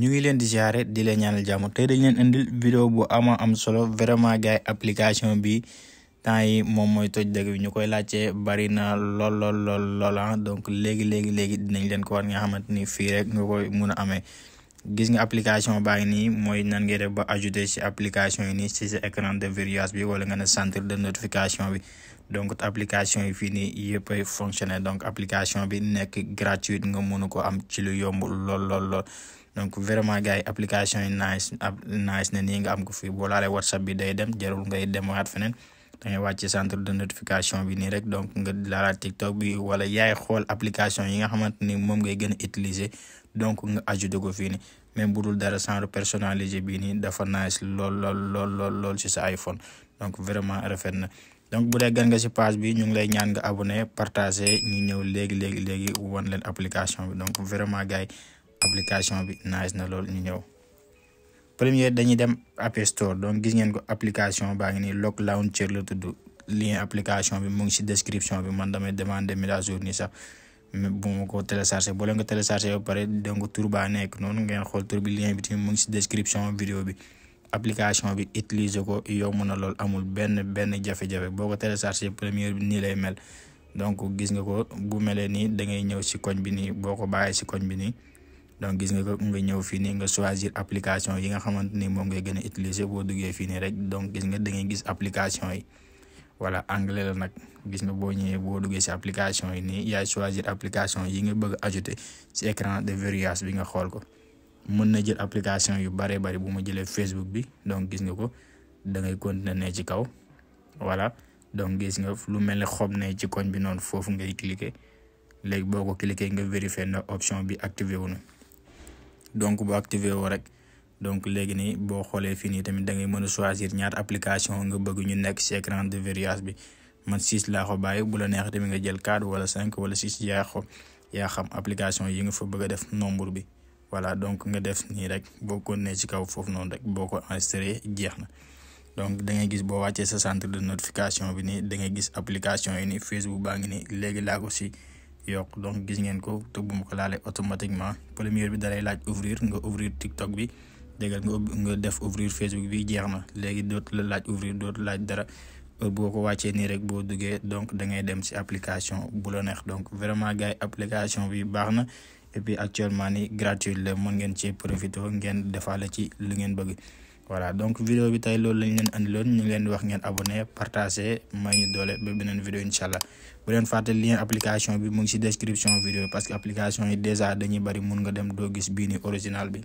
ñu ngi leen di siyaare di leen ñaanal jàmm tey dañ leen indil vidéo bu ama am solo vraiment gars application bi temps yi moom mooy toj dëgg bi ñu koy laajte bari na lool lool lool ah. donc léegi léegi léegi dinañ leen ko war nga xamante ni fii rek nga koy mun a amee gis nga application baa ngi nii mooy nan ngay ba ajouter ci application yi nii ci sa écran de verrouillage bi wala nga ne centre de notification bi donc application yi fii nii yëpp ay fonctionner donc application bi nekk gratuite nga mënu ko am ci lu yomb lool lool lool donc vraiment gars yi application yi nice nice na nii nga am ko fii boo laalee WhatsApp bi day dem jarul ngay demaat feneen. dangay wàcc centre de notification bi nii rek donc nga laalaat TikTok bi wala yaay xool application yi nga xamante ni moom ngay gën a utiliser donc nga ajouté ko fii nii même bu dul dara centre personnalisé bii nii dafa nice lool lool lool lool lool ci sa iPhone donc vraiment rafet na donc bu dee gën nga si page bi ñu ngi lay ñaan nga abonné partager ñu ñëw léegi léegi léegi wan leen application bi donc vraiment gars yi application bi nice na lool ñu ñëw. premier dañuy dem App Store donc gis ngeen ko application baa ngi nii Log Launcher la tudd lien application bi mu ngi si description bi man damay demander mise à jour nii sax bu ma ko téléchargé boo leen ko téléchargé ba pare donc tur baa noonu ngeen xool tur bi lien bi tamit mu ngi si description vidéo bi application bi utiliser ko yomb na lool amul benn benn jafe boo ko téléchargé première bi nii lay mel donc gis nga ko bu melee nii da ngay ñëw si koñ bi nii boo ko bàyyee si koñ bi nii. donc gis nga ko nga ñëw fii nii nga choisir application yi nga xamante ni moom ngay gën a utiliser boo duggee fii rek donc gis nga da ngay gis application yi voilà anglais la nag gis nga boo ñëwee boo duggee si application yi nii yaay choisir application bëgg a ajouter de verrouillage bi nga xool ko mën na jël application yu bare bari bu ma jëlee Facebook bi donc gis nga ko da ngay continuer ne ci kaw voilà donc gis nga lu mel ni xob ne ci koñ bi noonu foofu ngay cliquer léegi boo ko cliquer nga vérifier na option bi activé wu na donc bu activé woo rek donc léegi nii boo xoolee fii nii tamit da ngay mën a choisir ñaar application nga bëgg ñu nekk si écran de verrouillage bi man six laa ko bàyyi bu la neex tamit nga jël quatre wala cinq wala six yaa yaa xam application yi nga fa bëgg a def nombre bi voilà donc nga def nii rek boo continuer ci kaw foofu noonu rek boo ko enregistré jeex na donc da ngay gis boo wàccee sa centre de notification bi nii da ngay gis application yi nii Facebook baa ngi nii léegi laa ko si. yokk donc gis ngeen ko te bu ma ko laalee automatiquement première bi dalay laaj ouvrir nga ouvrir TikTok bi déggal nga nga def ouvrir Facebook bi jeex na léegi dootu la laaj ouvrir dootu laaj dara boo ko wàccee nii rek boo duggee donc da ngay dem ci application bu la neex donc vraiment gars yi application bi baax na et puis actuellement ni gratuite la mën ngeen ci profité ngeen defaale ci lu ngeen bëgg voilà donc vidéo bi tey loolu la ñu leen andiloon ñu ngi leen di wax ngeen abonné partager may ñu doole ba beneen vidéo incha allah bu leen fàtte lien application bi mu ngi ci description vidéo parce que application yi déjà dañuy bari mun nga dem doo gis bii ni original bi